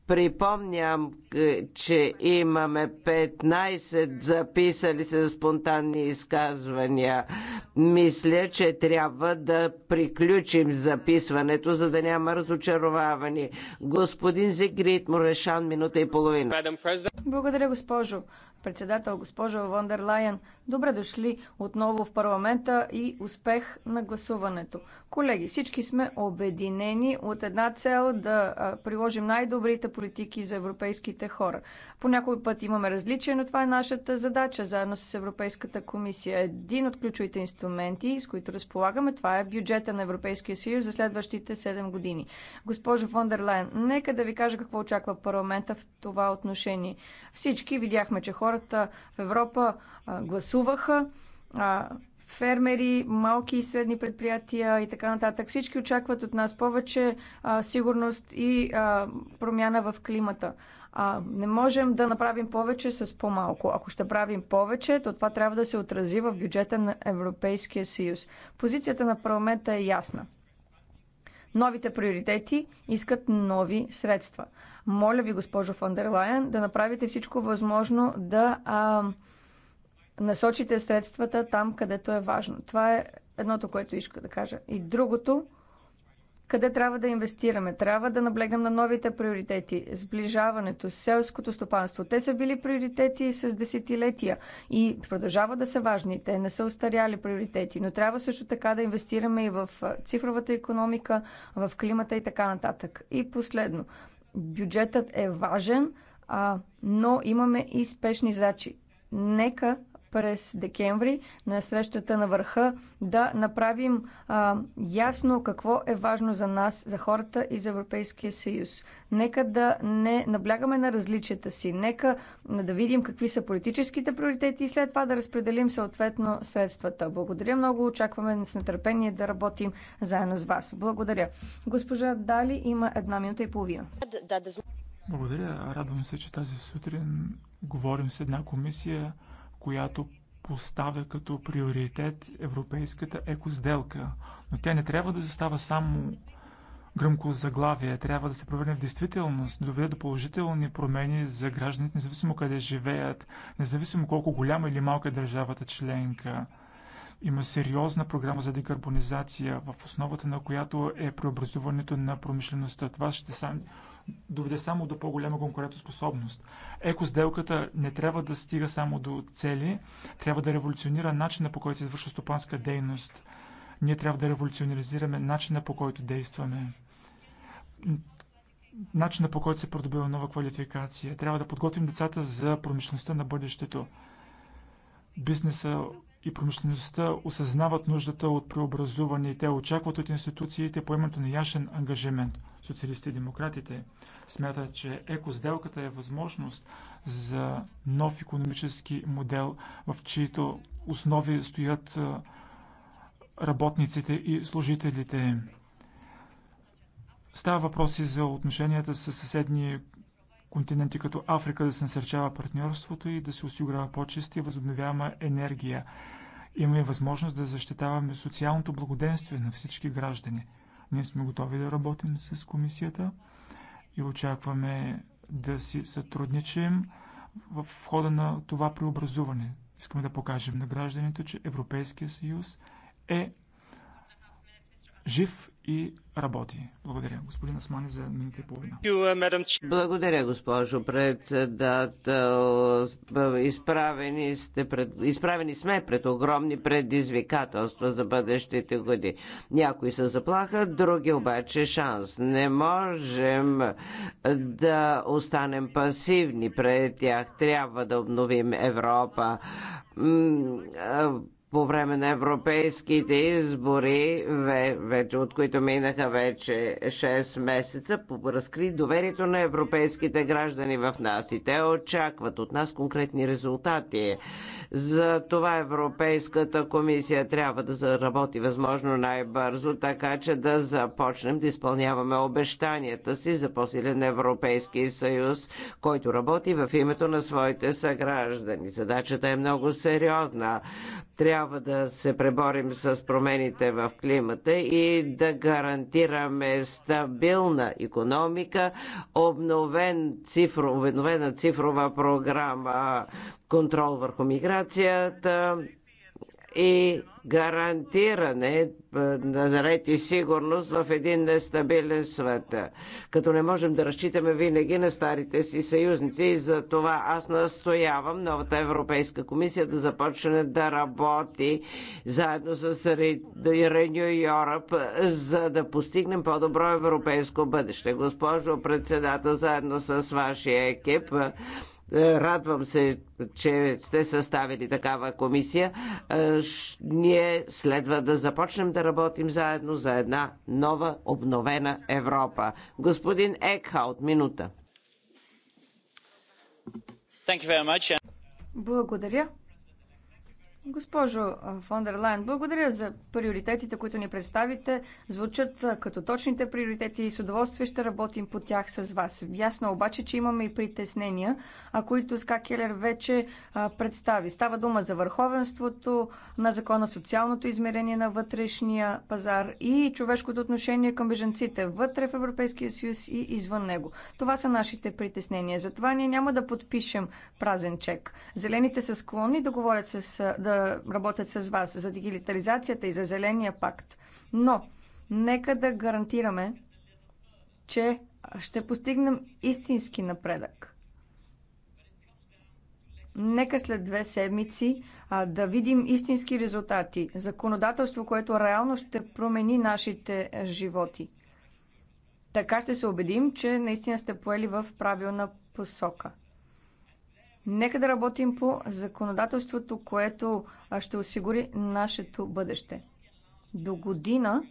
Припомням, е, че имаме 15 записали се за спонтанни изказвания. Мисля, че трябва да приключим записването, за да няма разочаровавани. Господин Зигрид Морешан, минута и половина. Благодаря, госпожо председател, госпожо Вондерлайен. Добре дошли отново в парламента и успех на гласуването. Колеги, всички сме обединени от една цел да приложим най-добрите политики за европейските хора. По някой път имаме различия, но това е нашата задача заедно с Европейската комисия. Един от ключовите инструменти, с които разполагаме, това е бюджета на Европейския съюз за следващите 7 години. Госпожо фон нека да ви кажа какво очаква парламента в това отношение. Всички видяхме, че хората в Европа гласуват гласуваха. А, фермери, малки и средни предприятия и така нататък. Всички очакват от нас повече а, сигурност и а, промяна в климата. А, не можем да направим повече с по-малко. Ако ще правим повече, то това трябва да се отрази в бюджета на Европейския съюз. Позицията на парламента е ясна. Новите приоритети искат нови средства. Моля ви, госпожо Фондерлайен, да направите всичко възможно да. А, насочите средствата там, където е важно. Това е едното, което иска да кажа. И другото, къде трябва да инвестираме? Трябва да наблегнем на новите приоритети. Сближаването, селското стопанство. Те са били приоритети с десетилетия и продължават да са важни. Те не са устаряли приоритети, но трябва също така да инвестираме и в цифровата економика, в климата и така нататък. И последно, бюджетът е важен, а, но имаме и спешни задачи. Нека през декември на срещата на върха да направим а, ясно какво е важно за нас, за хората и за Европейския съюз. Нека да не наблягаме на различията си, нека да видим какви са политическите приоритети и след това да разпределим съответно средствата. Благодаря много, очакваме с нетърпение да работим заедно с вас. Благодаря. Госпожа Дали има една минута и половина. Благодаря. Радвам се, че тази сутрин говорим с една комисия, която поставя като приоритет европейската екосделка. Но тя не трябва да застава само гръмко заглавие, трябва да се превърне в действителност, да доведе до положителни промени за гражданите, независимо къде живеят, независимо колко голяма или малка е държавата членка. Има сериозна програма за декарбонизация, в основата на която е преобразуването на промишлеността. Това ще стане доведе само до по-голяма конкурентоспособност. Екосделката не трябва да стига само до цели, трябва да революционира начина по който се извършва стопанска дейност. Ние трябва да революционизираме начина по който действаме начина по който се продобива нова квалификация. Трябва да подготвим децата за промишлеността на бъдещето. Бизнеса и промишлеността осъзнават нуждата от преобразуване и те очакват от институциите поемането на ясен ангажимент. Социалистите и демократите смятат, че екосделката е възможност за нов економически модел, в чието основи стоят работниците и служителите. Става въпроси за отношенията с съседни континенти като Африка да се насърчава партньорството и да се осигурява по-чиста и възобновяема енергия. Имаме възможност да защитаваме социалното благоденствие на всички граждани. Ние сме готови да работим с комисията и очакваме да си сътрудничим в хода на това преобразуване. Искаме да покажем на гражданите, че Европейския съюз е жив и работи. Благодаря, господин Османи, за минута и половина. Uh, Благодаря, госпожо председател. Изправени, сте пред... Изправени сме пред огромни предизвикателства за бъдещите години. Някои са заплаха, други обаче шанс. Не можем да останем пасивни пред тях. Трябва да обновим Европа по време на европейските избори, вече, от които минаха вече 6 месеца, разкри доверието на европейските граждани в нас и те очакват от нас конкретни резултати. За това Европейската комисия трябва да заработи възможно най-бързо, така че да започнем да изпълняваме обещанията си за посилен Европейски съюз, който работи в името на своите съграждани. Задачата е много сериозна. Трябва трябва да се преборим с промените в климата и да гарантираме стабилна економика, обновен цифро, обновена цифрова програма, контрол върху миграцията, и гарантиране на заред, и сигурност в един нестабилен свят. Като не можем да разчитаме винаги на старите си съюзници и за това аз настоявам новата Европейска комисия да започне да работи заедно с Renew Europe, за да постигнем по-добро европейско бъдеще. Госпожо председател, заедно с вашия екип е, радвам се, че сте съставили такава комисия. Е, ние следва да започнем да работим заедно за една нова, обновена Европа. Господин Екхаут, минута. Благодаря. Госпожо фон дер Лайн, благодаря за приоритетите, които ни представите. Звучат като точните приоритети и с удоволствие ще работим по тях с вас. Ясно обаче, че имаме и притеснения, а които Ска Келер вече а, представи. Става дума за върховенството на закона, социалното измерение на вътрешния пазар и човешкото отношение към беженците вътре в Европейския съюз и извън него. Това са нашите притеснения. Затова ние няма да подпишем празен чек. Зелените са склонни да говорят с да работят с вас за дигитализацията и за Зеления пакт. Но, нека да гарантираме, че ще постигнем истински напредък. Нека след две седмици а, да видим истински резултати. Законодателство, което реално ще промени нашите животи. Така ще се убедим, че наистина сте поели в правилна посока. Нека да работим по законодателството, което ще осигури нашето бъдеще. До година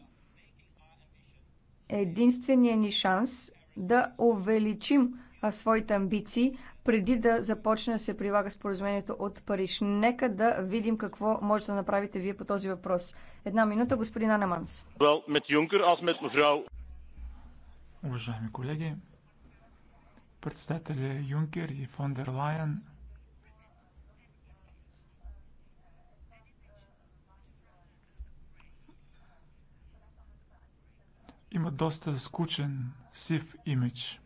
е единственият ни шанс да увеличим своите амбиции преди да започне да се прилага споразумението от Париж. Нека да видим какво може да направите вие по този въпрос. Една минута, господин Анаманс. Уважаеми колеги, председателя Юнкер и фон дер Лайен има доста скучен, сив имидж.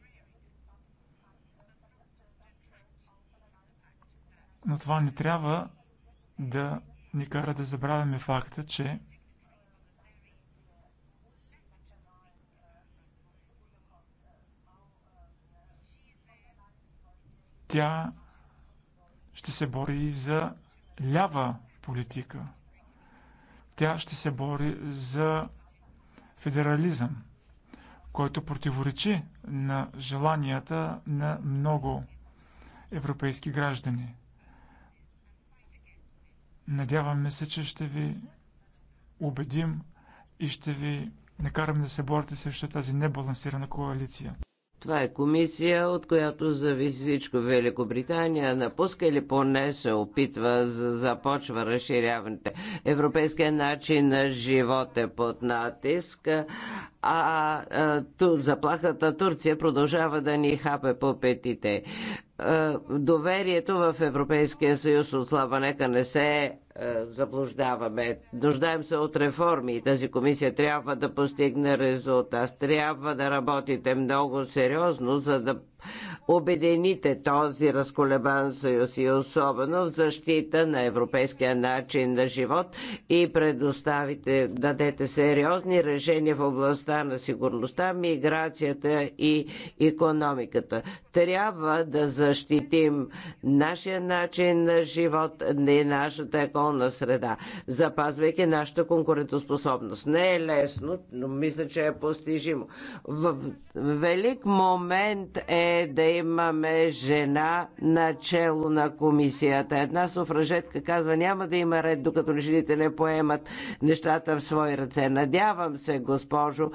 Но това не трябва да ни кара да забравяме факта, че тя ще се бори и за лява политика. Тя ще се бори за федерализъм, който противоречи на желанията на много европейски граждани. Надяваме се, че ще ви убедим и ще ви накараме да се борите срещу тази небалансирана коалиция. Това е комисия, от която зависи всичко. Великобритания напуска или поне се опитва, започва разширяването. Европейския начин на живот е под натиск а, а ту, заплахата Турция продължава да ни хапе по петите. А, доверието в Европейския съюз отслаба, нека не се а, заблуждаваме. Нуждаем се от реформи и тази комисия трябва да постигне резултат. Трябва да работите много сериозно, за да обедините този разколебан съюз и особено в защита на европейския начин на живот и предоставите, дадете сериозни решения в областта на сигурността, миграцията и економиката. Трябва да защитим нашия начин на живот, не нашата еколна среда, запазвайки нашата конкурентоспособност. Не е лесно, но мисля, че е постижимо. В велик момент е да имаме жена начело на комисията. Една суфражетка казва, няма да има ред, докато жените не поемат нещата в свои ръце. Надявам се, госпожо,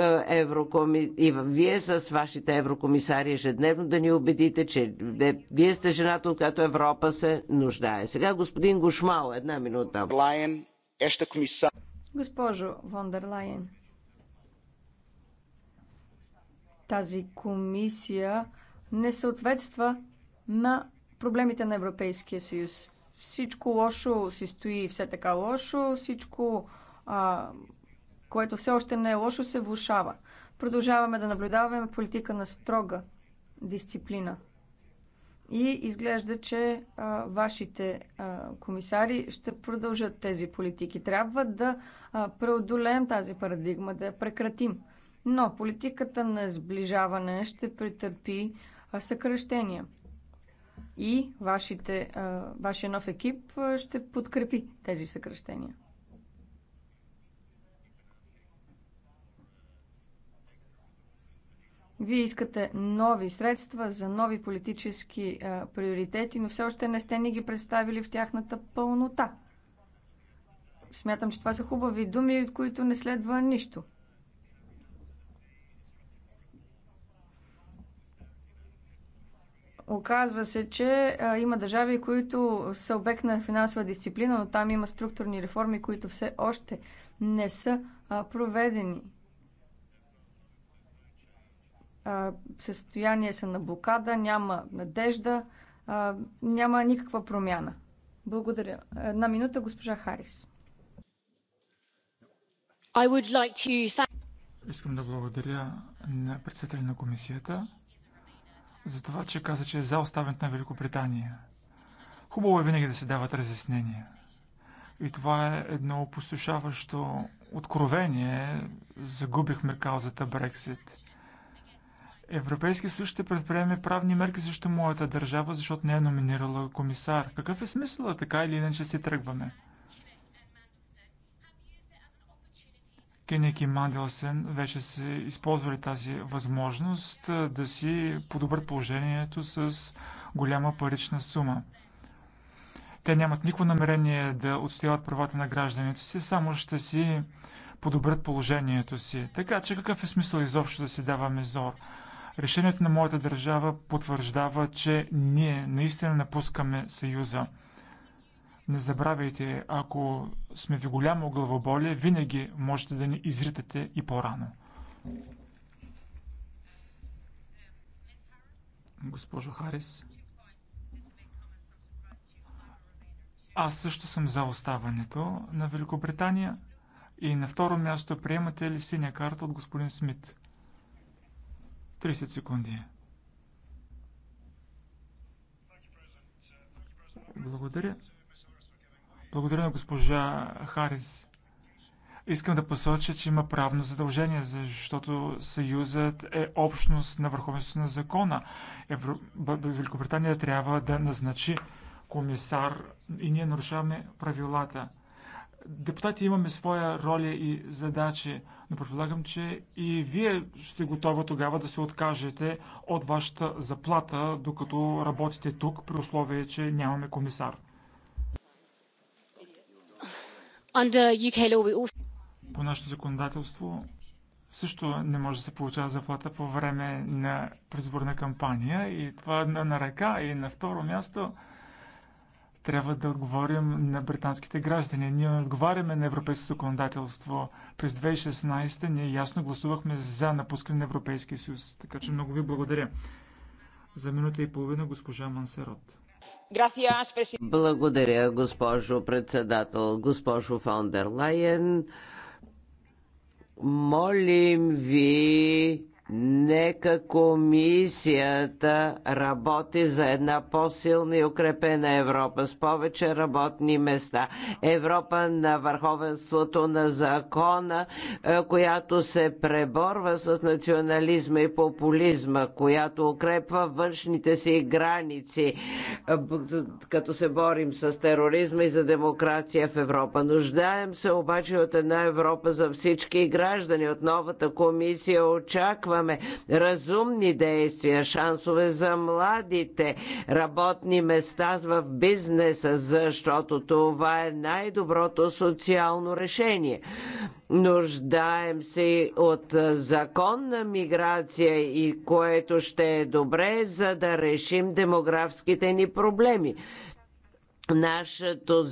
е, еврокоми... и вие с вашите еврокомисари ежедневно да ни убедите, че е, вие сте жената, от която Европа се нуждае. Сега господин Гошмал, една минута. Госпожо Вондерлайен, тази комисия не съответства на проблемите на Европейския съюз. Всичко лошо си стои все така лошо, всичко, а, което все още не е лошо, се влушава. Продължаваме да наблюдаваме политика на строга дисциплина. И изглежда, че а, вашите а, комисари ще продължат тези политики. Трябва да а, преодолеем тази парадигма, да я прекратим. Но политиката на сближаване ще претърпи съкръщения. И вашите, вашия нов екип ще подкрепи тези съкръщения. Вие искате нови средства за нови политически а, приоритети, но все още не сте ни ги представили в тяхната пълнота. Смятам, че това са хубави думи, от които не следва нищо. Оказва се, че а, има държави, които са обект на финансова дисциплина, но там има структурни реформи, които все още не са а, проведени. А, състояние са на блокада, няма надежда, а, няма никаква промяна. Благодаря. Една минута, госпожа Харис. I would like to... Искам да благодаря на председателя на комисията за това, че каза, че е за оставянето на Великобритания. Хубаво е винаги да се дават разяснения. И това е едно опустошаващо откровение. Загубихме каузата Брексит. Европейски съюз ще предприеме правни мерки срещу моята държава, защото не е номинирала комисар. Какъв е смисълът така или иначе си тръгваме? Кенек и Манделсен вече са използвали тази възможност да си подобрят положението с голяма парична сума. Те нямат никакво намерение да отстояват правата на гражданите си, само ще си подобрят положението си. Така че какъв е смисъл изобщо да си даваме зор? Решението на моята държава потвърждава, че ние наистина напускаме Съюза. Не забравяйте, ако сме ви голямо главоболие, винаги можете да ни изритате и по-рано. Госпожо Харис, аз също съм за оставането на Великобритания. И на второ място приемате ли синя карта от господин Смит? 30 секунди. Благодаря. Благодаря на госпожа Харис. Искам да посоча, че има правно задължение, защото Съюзът е общност на върховенството на закона. Евро... Великобритания трябва да назначи комисар и ние нарушаваме правилата. Депутати имаме своя роля и задачи, но предполагам, че и вие сте готови тогава да се откажете от вашата заплата, докато работите тук, при условие, че нямаме комисар. По нашето законодателство също не може да се получава заплата по време на предизборна кампания и това е на, на ръка. И на второ място трябва да отговорим на британските граждани. Ние не отговаряме на европейското законодателство. През 2016 ние ясно гласувахме за напускане на Европейския съюз. Така че много ви благодаря. За минута и половина госпожа Мансерот. Благодаря, госпожо председател. Госпожо фон дер Лайен, молим ви Нека комисията работи за една по-силна и укрепена Европа с повече работни места. Европа на върховенството на закона, е, която се преборва с национализма и популизма, която укрепва външните си граници, е, като се борим с тероризма и за демокрация в Европа. Нуждаем се обаче от една Европа за всички граждани. От новата комисия очакваме разумни действия, шансове за младите, работни места в бизнеса, защото това е най-доброто социално решение. Нуждаем се от законна миграция и което ще е добре, за да решим демографските ни проблеми. Нашето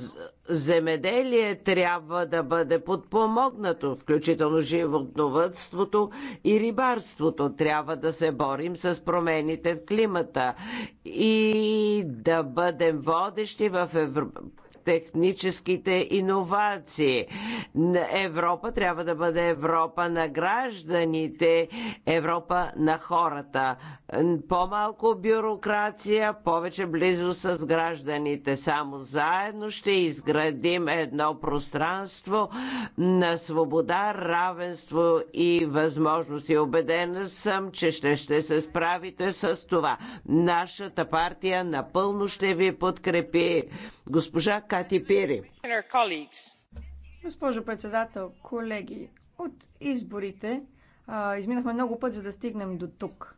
земеделие трябва да бъде подпомогнато, включително животновътството и рибарството. Трябва да се борим с промените в климата и да бъдем водещи в Европа техническите иновации. Европа трябва да бъде Европа на гражданите, Европа на хората. По-малко бюрокрация, повече близо с гражданите. Само заедно ще изградим едно пространство на свобода, равенство и възможности. Обедена съм, че ще, ще се справите с това. Нашата партия напълно ще ви подкрепи. Госпожа Кати Пири. Госпожо председател, колеги, от изборите а, изминахме много път, за да стигнем до тук.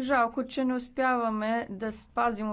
Жалко, че не успяваме да спазим